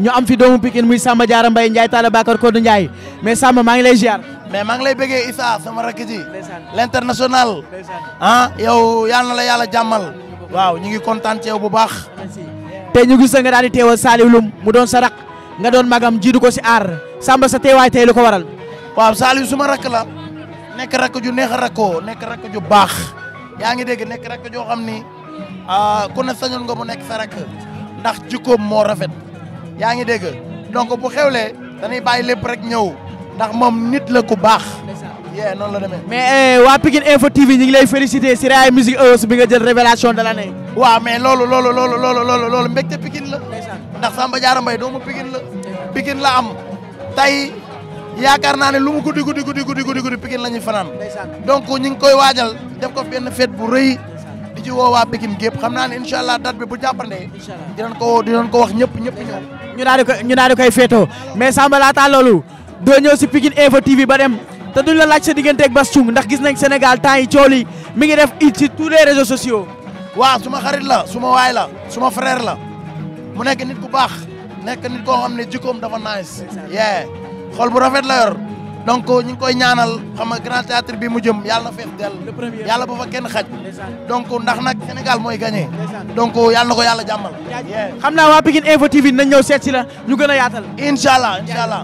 ñu am fi doomu Pikine muy Samba Diarra Mbaye Ndiaye Talla Bakar Kodou Ndiaye mais Samba ma ngi lay ziar. mais ma ngi lay bëggé Issa sama rek ji. l'international. ah yow yalla na la yalla jamal waaw ñi ngi contante yow bu baax. té ñu gis nga daali di teewal mu doon sa rak nga doon magam jidu ko ci ar Samba sa teewaay tay lu ko waral. waaw Saliou suma rak la. nekk rakk ju neex a rakkoo nekk rakk ju baax yaa ngi dégg nekk rakk joo xam ni ah, ku ne sañoon nga mu nekk sa rakk ndax jikkoom moo rafet yaa ngi dégg donc bu xewlee dañuy bàyyi lépp rek ñëw ndax moom nit la ku baax. yee noonu la demee. mais eh, waa Pikine Info TV ñu ngi lay féliciter si Raaya Musique Awards bi nga jël révélation de l'année. waaw mais loolu loolu loolu loolu loolu loolu mbégte Pikine la. ndax Samba Diarra Mbaye doomu Pikine la. Pikine la am tey. yaakaar naa ne lu mu guddi guddi guddi guddi guddi guddi Pikine lañu ñuy donc ñu ngi koy wajal def ko benn fête bu reuy di ci woo waa Pikine gépp xam ne allah date bi bu jàppandee dinañ ko dinañ ko wax ñëpp ñëpp ñoo ñu daal di koy ñu daal di koy féetoo mais Samba ta lolu do ñew ci Pikine Info TV ba dem te duñ la laaj sa ak bastung ndax gis nañ Sénégal tan yi cioli mi ngi def it ci tous les réseaux sociaux wa suma xarit la suma way la suma frère la mu nek nit ku bax nek nit ko xamne jikom dafa nice yeah xol bu rafet la yor donc ñu koy ñaanal xam nga grand théâtre bi mu jëm yàlla na fees yàlla ba fa kenn xaj donc ndax nag Sénégal mooy gagné donc yàlla ko yàlla jàmmal xam naa waa Pikine Info TV nañ ñëw seet si la ñu gën a yaatal incha allah incha allah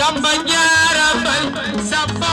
samba njaara bay samba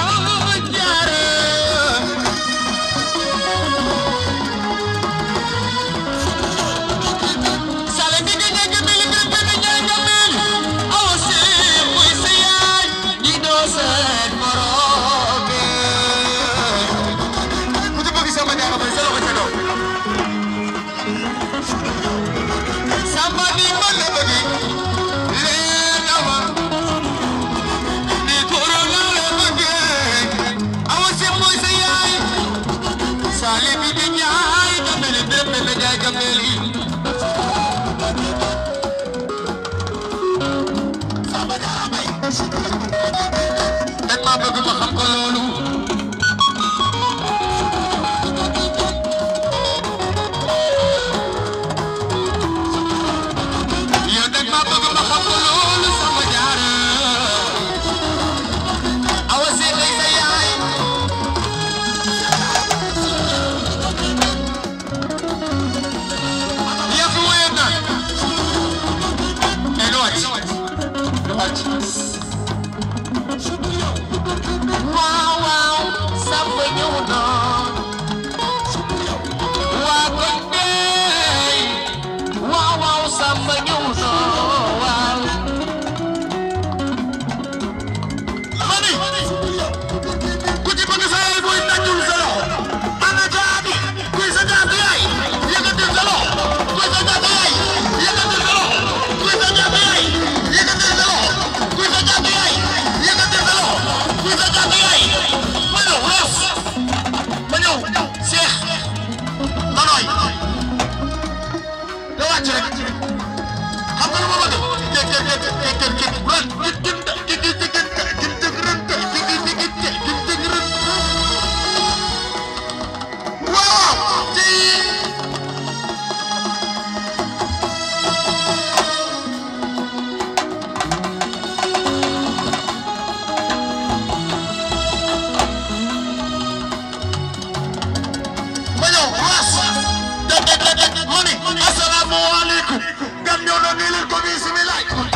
Africa. Assalamu alaikum. Them you don't need to be like.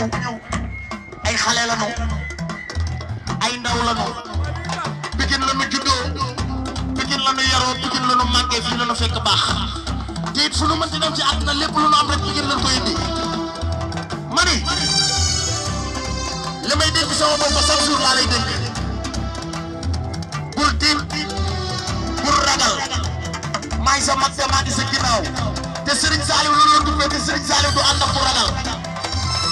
ñëw ay xale la ñu ay ndaw la ñu Pikine la ñu juddoo Pikine la ñu yaroo Pikine la ñu màggee fii la ñu fekk baax te it fu nu mënti dem ci àdduna lépp lu nu am rek Pikine la ñu koy indi ma ni li may dégg ba chaque jour laa lay dégg bul tiit bul sa mag maa ngi sa ginnaaw te Serigne Saliou la ñu doon dubbee te Serigne Saliou du ànd ak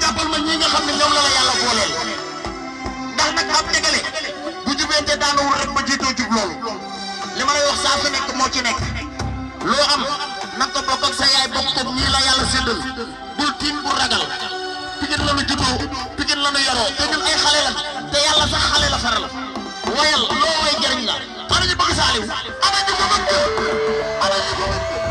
jàppal ma ñi nga xam ne ñoom la la yàlla booleel ndax nag am tegale bu jubente daanuwul rek ma jiitoo jub loolu li ma lay wax saa nekk moo ci nekk loo am na ko bokk ak sa yaay bokk ko ñii la yàlla séddal bul tiim bu ragal Pikine la nu juddoo Pikine la nu yoroo te ñun ay xale la te yàlla sax xale la wayal loo way jëriñ la ana ñu bëgg saaliw ana ñu ko bëgg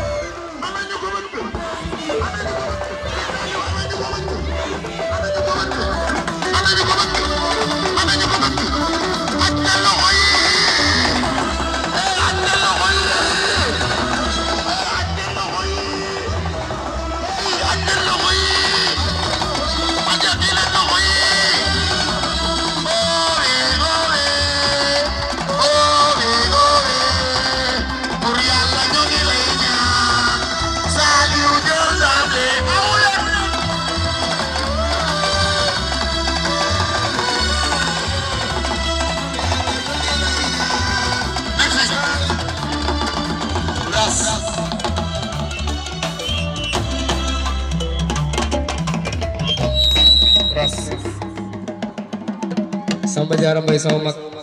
Samba de Aramaiz é uma